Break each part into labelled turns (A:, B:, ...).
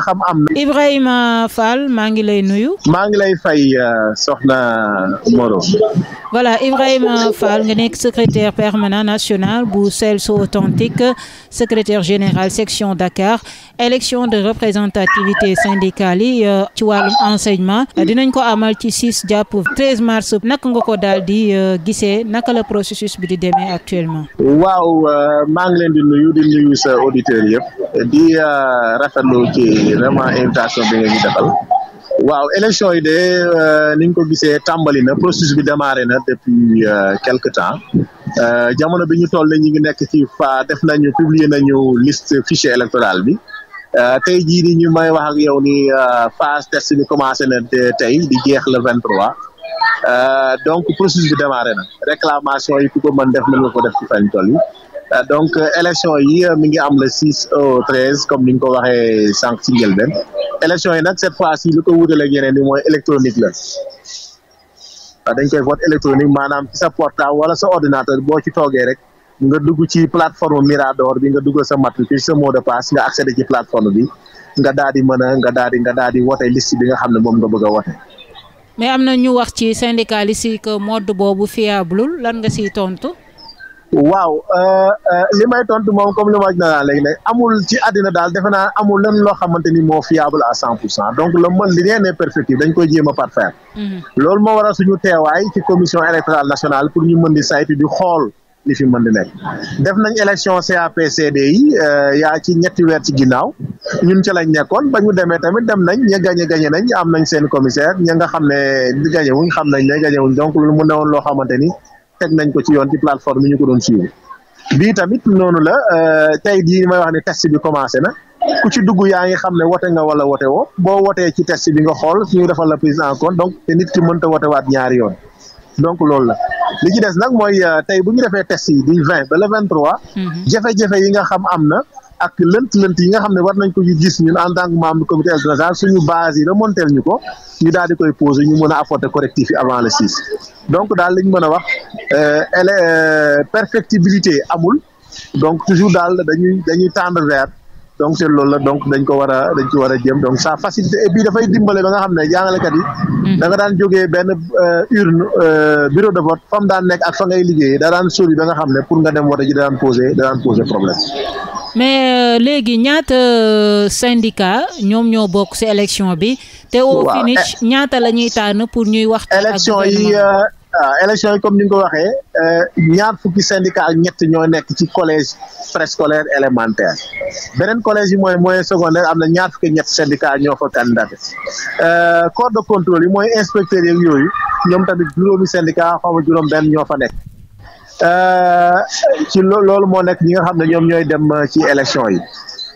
A: xam am na.
B: Ibrahima Fall maa ngi lay nuyu.
A: maa ngi lay fay euh, soxna Moreau.
B: voilà Ibrahima Fall nga nekk secrétaire permanent national bu Celso Authentique secrétaire général section Dakar élection de représentativité syndicale yi euh, ci wàllum enseignement dinañ ko amal ci 6 jàpp 13 mars naka nga ko daal di euh, gisee naka la processus bi di demee actuellement.
A: waaw maa ngi leen di nuyu di nuyu sa auditeurs yëpp. di rafet euh, rafetlu ci vraiment invitation bi nga ñu defal waaw élection yi de euh, ni ñu ko gisee tàmbali na processus bi démarré na depuis euh, quelque temps jamono bi ñu toll ñu ngi nekk ci fa def nañu publier nañu liste fichier électoral bi tey jii ni ñu may wax ak yow ni phase test bi commencé na tey di jeex la le 23 donc processus bi démarré na réclamation yi ku ko mën def nañu ko def ci fañ toll yi Euh, donc euh, élection yi euh, mi ngi am le six au treize comme ni nga ko waxee sànq si njëlbeen élection yi nag cette fois ci lu ko wutale ak yeneen yi mooy électronique la waaw dañ koy vote électronique maanaam ci sa portable wala sa ordinateur boo ci toogee rek nga dugg ci plateforme Mirador bi nga duggal sa matricule sa mot de passe nga accéder ci plateforme bi nga daal di mën a nga daal di nga daal di wote liste bi nga xam ne moom nga bëgg a wote.
B: mais am na ñu wax ci syndicaliste mode nga siy tontu.
A: waaw euh, euh, li may tontu moom comme li ma la wax léegi nag amul ci àddina daal defe naa amul lenn loo xamante ni moo fiable à cent pour cent donc le mën li nee perfectible dañ koy jéema a parfaire. Mhm. loolu moo waral suñu teewaay ci commission électorale nationale pour ñu mën di saytu di xool. li fi mën di nekk def nañ élection CAPCD yi euh, yaa ci ñetti weer ci ginnaaw ñun ci lañ nekkoon ba ñu demee tamit dem nañ ña gañe gañe nañ am nañ seen commissaire ña nga xam ne di gañe wuñ xam ne gañe wuñ donc mu newoon loo xamante ni teg nañ ko ci yoon ci plateforme yi ñu ko doon suivre bii tamit noonu la euh, tey jii may wax ne test bi commencé na ku ci dugg yaa ngi xam ne wote nga wala wote woo boo wotee ci test bi nga xool ñu defal la prise en compte donc te nit ki mënta wote waat ñaari yoon donc loolu la li ci des nag mooy euh, tey bu ñu defee test yi du vingt ba le vingt trois mhm. jafe-jafe yi nga xam am na ak lënt-lënt yi nga xam ne war nañ ko ñu gis ñun en tant que membre comité suñu base le six a Euh, elle euh, perfectibilité amul donc toujours daal dañuy dañuy tendre vers donc te loolu la donc dañ ko war a dañ ci war a jëm donc ça facilité et puis dafay dimbale ba nga xam ne jàngalekat yi. Mm-hmm. da nga daan jógee benn euh, urne bureau de vote fa mu daan nekk ak ngay liggéeyee da daan sori ba nga xam ne pour nga dem wote ji da daan poser da daan poser problème.
B: mais léegi ñaata syndicat ñoom ñoo bokk ci élection bi. te o finish eh. ñaata la ñuy pour ñuy waxtaan. ak élection
A: waaw ah, élection yi comme ni nga ko waxee euh, ñaar fukki syndicat ak ñett ñoo nekk ci collège préscolaire élémentaire beneen collège yi mooy moyen secondaire am na ñaar fukki ñett syndicat ñoo fa candidaté euh, corps de contrôle yi mooy inspecteurs yeeg yooyu ñoom tamit juróomi syndicat xaw ma juróom benn ñoo fa nekk euh, ci lool loolu moo nekk ñi nga xam ne ñoom ñooy dem ci élection yi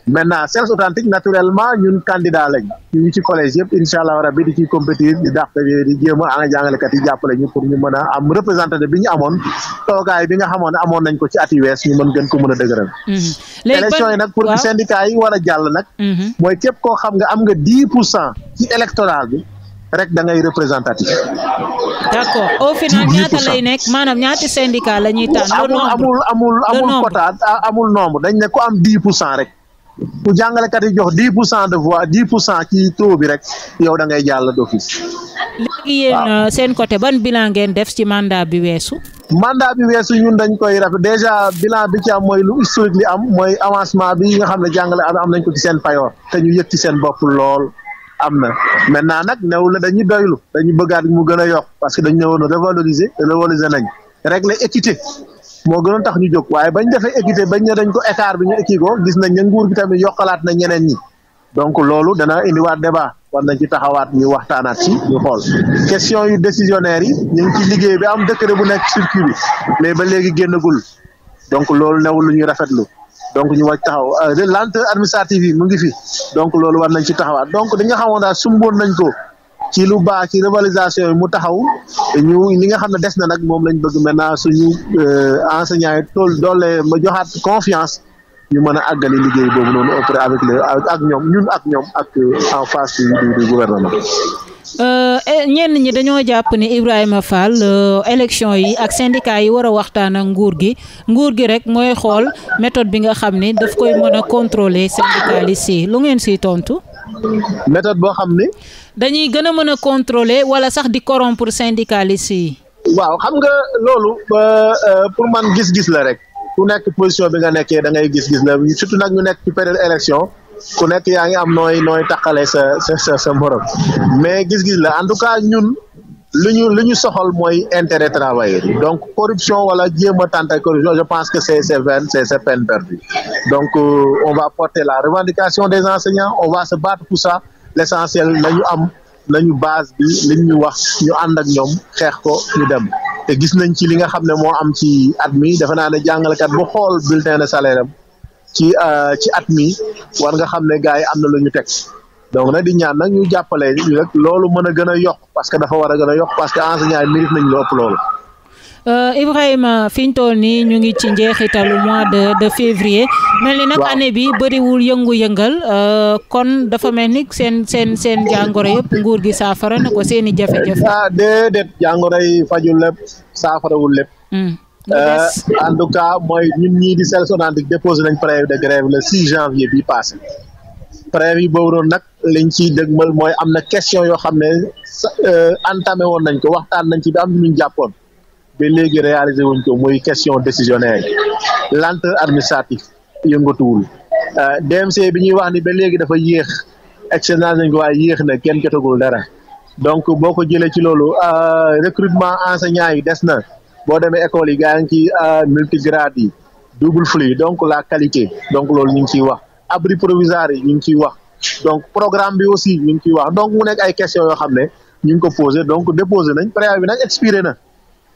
A: maintenant Sels authentique naturellement ñun candidat lañ ñu ci collège yëpp incha allah rabi di ciy compétir di dàq di jéem a ana jàngalekat yi jàppale ñu pour a am représentant bi ñu amoon toogaay bi nga xamoon amoon nañ ko ci ati wees ñu mën ko mën a dëgëral. Mhm. élection yi nag pour que yi war a jàll nag. Mhm. mooy képp koo xam nga am nga dix pour cent ci électoral bi. rek da ngay représentatif.
B: d'accord au final ñaata lay nekk maanaam la ñuy amul amul amul amul
A: quota amul nombre dañ ne ko am dix pour cent rek. bu jàngalekat yi jox dix pour cent de voix dix pour cent ci taux bi rek yow da ngay jàll d'office.
B: léegi yéen euh, seen côté ban bilan ngeen def ci mandat bi weesu. mandat bi weesu ñun dañ koy rafet déjà bilan bi ci
A: am mooy lu historique li am mooy avancement bi nga xam ne jàngale am nañ ko ci seen payoor te ñu yëg ci seen bopp lool. am na maintenant nag new la dañuy doylu dañu bëggaat mu gën a yokk parce que dañu ne woon revaloriser revaloriser nañ régler équité moo gënoon tax ñu jóg waaye bañ defee équité bañ ne dañ ko écart bi ñu équité ko gis nañ ne nguur gi tamit yokkalaat na ñeneen ñi donc loolu dana indiwaat débat war nañ ci taxawaat ñu waxtaanaat ci ñu xool question yu décisionnaire yi ñu ci liggéey bi am décret bu nekk circuit bi mais ba léegi génnagul donc loolu newul lu ñuy rafetlu donc ñu wàcc taxaw euh, lenteur administrative yi mu ngi fi donc loolu war nañ ci taxawaat donc di nga xamoon daal sumboon nañ ko ci lu baax ci revalorisation yi mu taxaw ñu li nga xam ne des na nag moom lañ bëgg maintenant suñu euh, enseignants yi tool doole ma joxaat confiance ñu mën a àggali liggéey boobu noonu auprès avec le ak ñoom ñun ak ñoom ak euh, en face du du gouvernement.
B: Euh, ñenn ñi dañoo jàpp ni Ibrahima Fall élection yi ak syndicat yi war a waxtaan ak nguur gi nguur gi rek mooy xool méthode bi nga xam ni daf koy mën a contrôler yi lu ngeen siy tontu. méthode boo xam ne. dañuy gën a mën a contrôler wala sax di corrompre syndicalistes yi.
A: waaw xam nga loolu euh, pour man gis-gis la rek ku nekk position bi nga nekkee da ngay gis-gis la surtout nag ñu nekk ci période élection ku nekk yaa ngi am nooy nooy taqale sa sa sa morom mais gis-gis la en tout cas ñun lu ñu lu ñu soxal mooy intérêt travailleur donc corruption wala jéem a tenter corruption je pense que c'est c'est vain c'est c'est peine perdue donc euh, on va porter la revendication des enseignants on va se battre pour ça l'essentiel nañu am nañu base bi liñ ñu wax ñu ànd ak ñoom xeex ko ñu dem te gis nañ ci li nga xam ne moo am ci at mi defe naa ne jàngalekat boo xool bulletin de salaire am ci euh, ci at mi war nga xam ne gars yi am na lu ñu teg donc nag di ñaan nag ñu jàppale loolu mën a gën a yokk parce que dafa war a gën a yokk parce que enseignants yi mérite nañ loolu
B: Euh, Ibrahima fi ñu toll nii ñu ngi ci njeexitalu mois de de février. mel ni nag année bi bëriwul yëngu-yëngal euh, kon dafa mel ni seen seen seen jàngoro yëpp nguur gi saafara na ko seen i jafe-jafe. ah déedéet jàngoro
A: yi fajul lépp saafarawul lépp. Hmm. Euh, en tout cas mooy ñun ñii di SELS ONATRIC déposé nañ préavis de grève le 6 janvier bi passé préavis boobu noonu nag lañ ci dëgmal mooy am na question yoo xam ne entamé woon nañ ko waxtaan nañ ci bi am jàppoon. ba léegi réalisé wuñ ko muy question décisionnaire lenteur administrative yëngatuwul euh, DMC bi ñuy wax ni ba léegi dafa yéex excellence nañ ko waaye yéex na kenn jotagul dara donc boo ko jëlee ci loolu euh, recrutement enseignants yi des na boo demee école yi gaa ngi ci euh, multigrade yi double flux donc la qualité donc loolu ñu ngi ciy wax abri provisoire yi ñu ngi ciy wax donc programme bi aussi ñu ngi ciy wax donc mu nekk ay questions yoo xam ne ñu ngi ko posé donc déposé nañ préavis bi nag expiré na.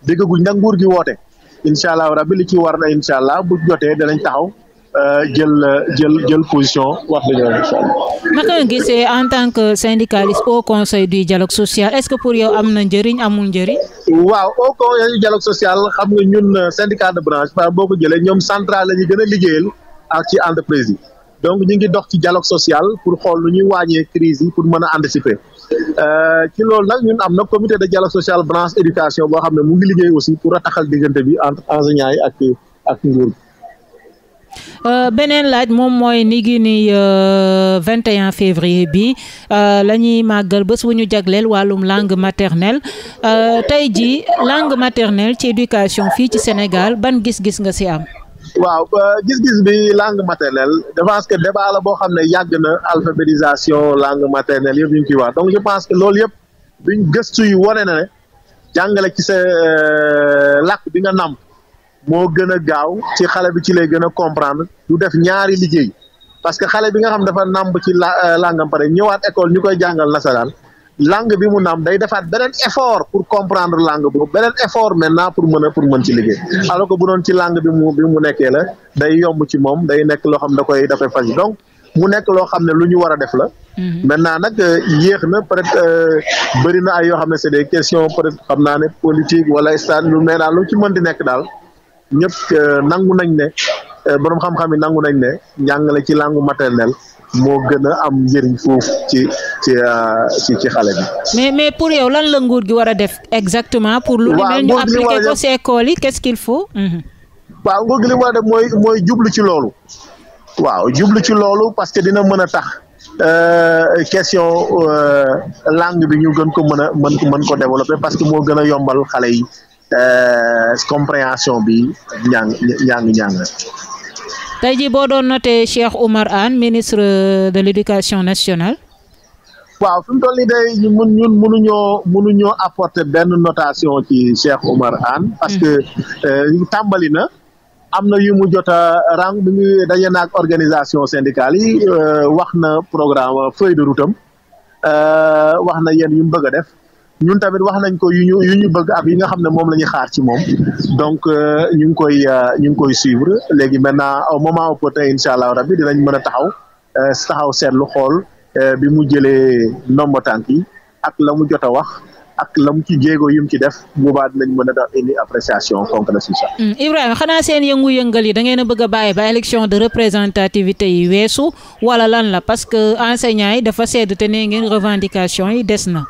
A: déggaguñ nag nguur gi woote incha allah rabbi li ci war na incha allah bu jotee danañ taxaw. Euh, jël jël jël position wax dëgg yàlla incha allah.
B: naka nga gisee en tant que syndicaliste au conseil du dialogue social est-ce que pour yow am na njëriñ amul njëriñ.
A: waaw au conseil du dialogue social xam nga ñun euh, syndicat de branche maanaam boo jëlee ñoom central la ñu gën a liggéeyal ak ci entreprise yi. donc ñu ngi dox ci dialogue social pour xool lu ñuy wàññee crise pour mën a anticiper euh, ci loolu nag ñun am na comité de dialogue social branche éducation boo xam ne mu ngi liggéey aussi pour rataxal diggante bi entre enseignants yi ak ak nguur bi
B: Euh, beneen laaj moom mooy ni gi ni euh, 21 février bi euh, la ñuy màggal bés bu ñu jagleel wàllum langue maternelle euh, tey ji langue maternelle ci éducation fii ci Sénégal ban gis-gis nga ci am
A: waaw gis-gis bi langue maternelle je pense que débat la boo xam ne yàgg na alphabétisation langue maternelle yëpp ñu ngi ciy wax donc je pense que loolu yëpp duñ gëstu yu wane na ne jàngale ci sa euh, làkk bi nga nàmp moo gën a gaaw ci xale bi ci lay gën a comprendre du def ñaari liggéey parce que xale bi nga xam dafa nàmp ci la euh, langue pare ñëwaat école ñu koy jàngal nasaraan langue bi mu naam day defaat beneen effort pour comprendre langue boobu beneen effort maintenant pour mën a pour mën ci liggéey alors que bu doon ci langue bi mu bi mu nekkee la day yomb ci moom day nekk loo xam da koy dafay faj donc mu nekk loo xam ne lu ñu war a def la. Mhm. maintenant nag euh, yéex na peut-être euh, bëri na ay yoo xam ne c'est des questions peut xam naa ne politique wala stade lu mel daal lu ci mën di nekk daal ñëpp euh, nangu nañ ne borom xam-xam yi nangu nañ ne njàngale ci langue maternelle. moo gën a am njëriñ foofu ci ci euh, ci ci xale bi.
B: mais mais pour yow lan la nguur gi war a def exactement. pour lu mel ñu appliquer ci école yi quest mhm.
A: waaw nguur gi li mu def mooy mooy jublu ci loolu. waaw jublu ci loolu parce que dina mën a tax. Euh, question euh, langue bi ñu gën ko mën a mën ko mën ko développer parce que moo gën a yombal xale yi euh, compréhension bi njàng njàng
B: tey jii boo doon noté Cheikh Oumar Anne ministre de l'éducation nationale.
A: waaw fi mu toll nii day ñun ñun mënuñoo apporter benn notation ci Cheikh Oumar Anne. parce que hmm. euh, tàmbali na. am na yu mu jot a rang bi ñu organisation syndicale yi euh, wax na programme feuille de route am euh, wax na yéen yu mu bëgg a def. ñun tamit wax nañ ko yu ñu ñu bëgg ak yi nga xam ne moom la ñuy xaar ci moom donc euh, ñu ngi koy euh, ñu ngi koy suivre léegi maintenant au moment opportun incha allah rabbi dinañ mën a taxaw euh, taxaw seetlu xool bi mu jëlee nombre tank yi ak la mu jot a wax. ak lam ci jéego yum ci def boobaa dinañ mën a def indi appréciation concrète si sax.
B: Hmm, Ibrahima xanaa seen yëngu-yëngal yi da ngeen a bëgg a bàyyi ba élection de représentativité yi weesu wala lan la parce que enseignants yi dafa sedd te nee ngeen revendication yi des na.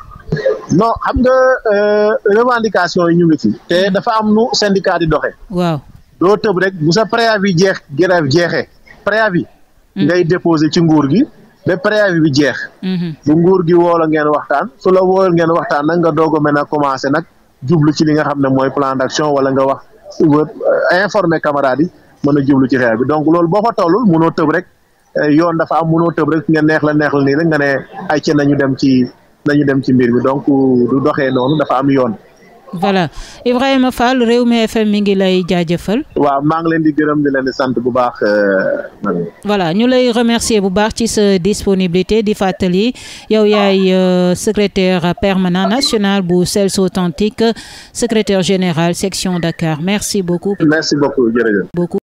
A: non xam nga euh, revendication yi ñu ngi fi te dafa am nu syndicat di doxee. waaw doo tëb rek bu sa préavis jeex grève jeexee préavis. Mm. ngay déposé ci nguur gi ba préavis bi jeex. Mm-hmm. bu nguur gi woo la ngeen waxtaan su la wooyul ngeen waxtaan nag nga doog a mën a commencé nag jublu ci li nga xam ne mooy plan d'action wala nga wax euh, informer camarades yi mën a jublu ci xeex bi donc loolu boo fa tollul mënoo tëb rek euh, yoon dafa am mënoo tëb rek nga neex la neex la nii rek nga ne ay ci dem ci. nañu dem ci mbir mi donc du doxee noonu dafa am yoon.
B: voilà Ibrahima réew Rewmi FM mi ngi lay jaajëfal.
A: waaw maa ngi leen di gërëm di leen di sant bu baax. Euh,
B: voilà ñu lay remercier bu baax ci sa disponibilité di fàttali yow yaay euh, secrétaire permanent national bu Sels Authentique secrétaire général section Dakar merci beaucoup.
A: merci